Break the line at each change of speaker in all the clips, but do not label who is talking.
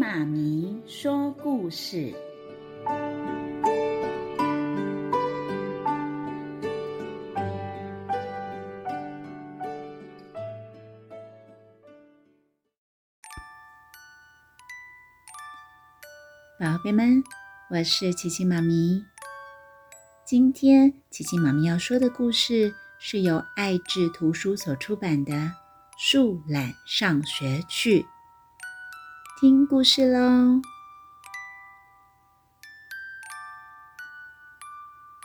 媽咪說故事，寶貝們，我是琪琪媽咪。今天琪琪媽咪要說的故事是由愛智圖書所出版的《樹懶上學去》。聽故事嘍！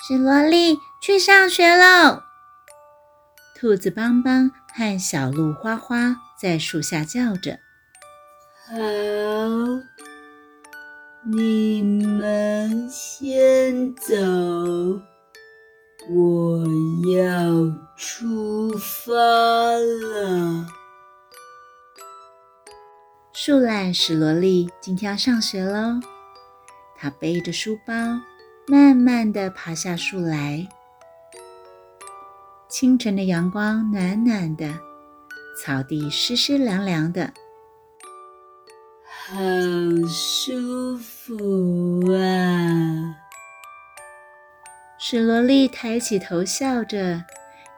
史羅力去上學嘍！兔子邦邦和小鹿花花在樹下叫着：“好，你們先走，我要出發了。”樹懶史羅力今天要上學嘍。她背着書包，慢慢的爬下樹來。清晨的陽光暖暖的，草地濕濕涼涼,涼的，好舒服啊！史羅力抬起頭，笑着，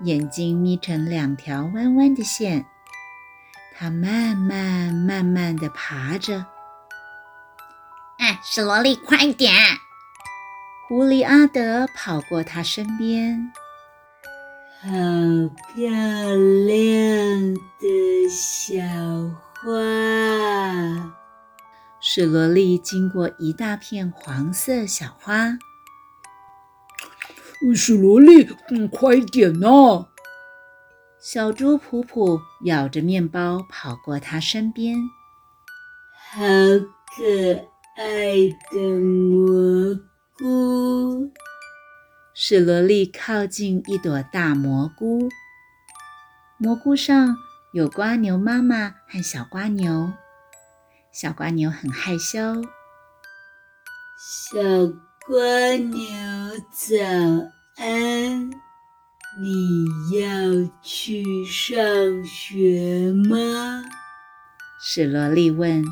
眼睛眯成兩條彎彎的線。它慢慢慢慢的爬着。哎，史羅力，快一點！狐狸阿德跑過他身邊。好漂亮的小花！史羅力經過一大片黃色小花。史羅力，嗯，快一點吶、哦！小豬普普咬着麵包跑過它身邊，好可愛的蘑菇！史羅力靠近一朵大蘑菇，蘑菇上有蝸牛媽媽和小蝸牛，小蝸牛很害羞。小蝸牛早安。你要去上學嗎？史羅力問。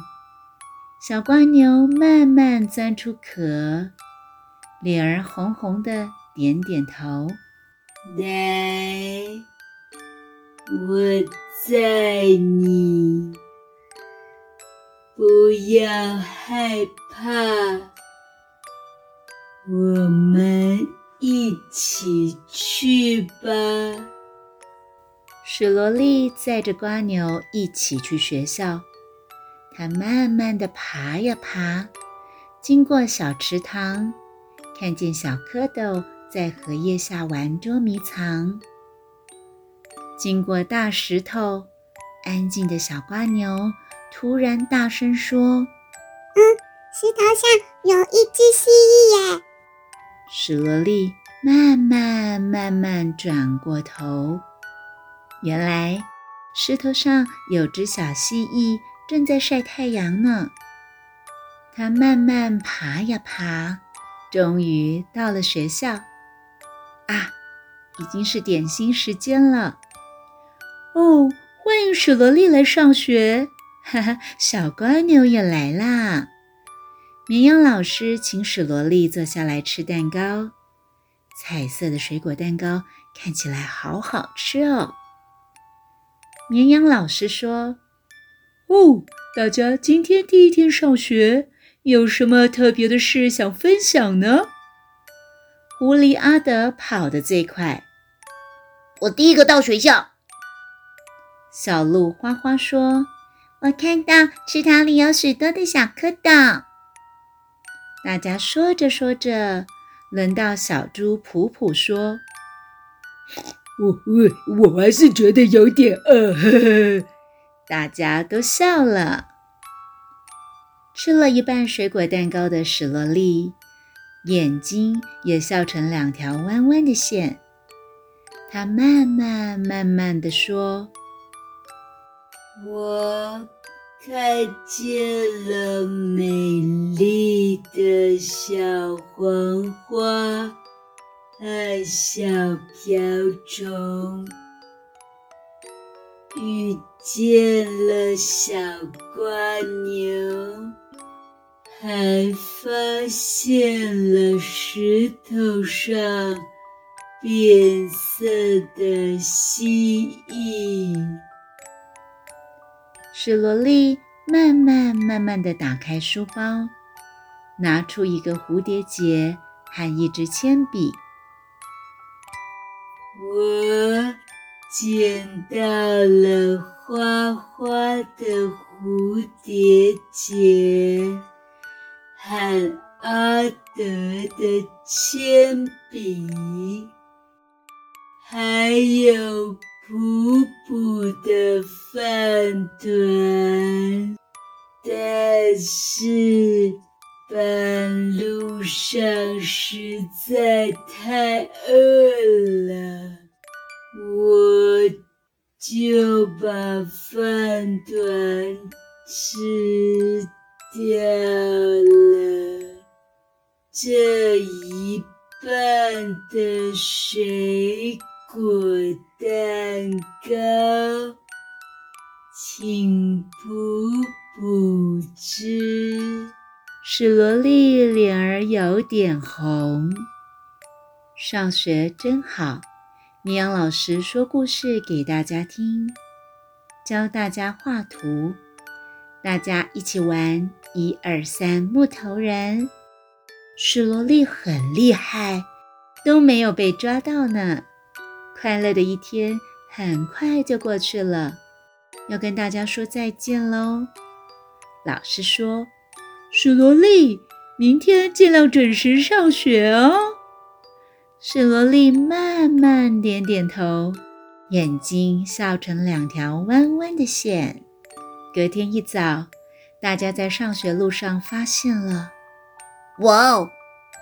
小蝸牛慢慢鑽出殼，臉兒紅紅的，點點頭。來，我載你，不要害怕，我們。一起去吧！史羅力載着蝸牛一起去學校，它慢慢的爬呀爬，經過小池塘，看見小蝌蚪在荷葉下玩捉迷藏。經過大石頭，安靜的小蝸牛突然大聲說：“嗯，石頭上有一隻蜥蜴耶！”史羅力慢慢慢慢轉過頭，原來石頭上有隻小蜥蜴正在曬太陽呢。它慢慢爬呀爬，終於到了學校。啊，已經是點心時間了。哦，歡迎史羅力來上學，哈哈，小蝸牛也來啦。綿羊老師請史羅力坐下來吃蛋糕。彩色的水果蛋糕看起來好好吃哦。綿羊老師說：“哦，大家今天第一天上學，有什麼特別的事想分享呢？”狐狸阿德跑得最快，我第一個到學校。小鹿花花說：“我看到池塘裡有許多的小蝌蚪。”大家說着說着，輪到小豬普普說：“我……我……我還是覺得有點……餓，呵呵”大家都笑了。吃了一半水果蛋糕的史羅力，眼睛也笑成兩條彎彎的線。他慢慢、慢慢地說：“我。”看見了美麗的小黃花和小瓢蟲，遇見了小蝸牛，還發現了石頭上變色的蜥蜴。史羅力慢慢、慢慢地打開書包，拿出一個蝴蝶結和一支鉛筆。我撿到了花花的蝴蝶結，和阿德的鉛筆，還有。補補的飯糰，但是半路上實在太餓了，我就把飯糰吃掉了。這一半的水果。蛋糕，請補補知，史羅力臉兒有點紅。上學真好，綿羊老師說故事給大家聽，教大家畫圖，大家一起玩一二三木頭人。史羅力很厲害，都沒有被抓到呢。快樂的一天很快就過去了，要跟大家說再見嘍。老師說：“史羅力，明天盡量準時上學哦。”史羅力慢慢點點頭，眼睛笑成兩條彎彎的線。隔天一早，大家在上學路上發現了：“哇哦，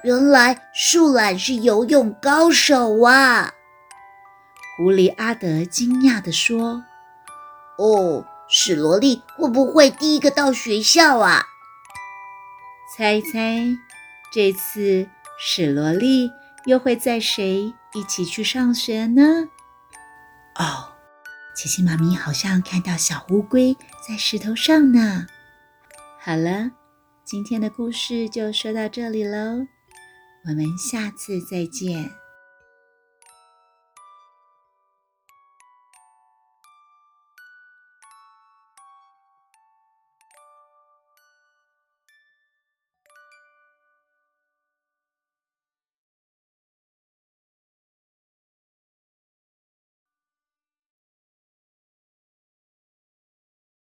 原來樹懶是游泳高手啊！”狐狸阿德驚訝地說：“哦，史羅力會不會第一個到學校啊？猜一猜，這次史羅力又會載誰一起去上學呢？”哦，琪琪媽咪好像看到小烏龜在石頭上呢。好了，今天的故事就說到這裡嘍，我們下次再見。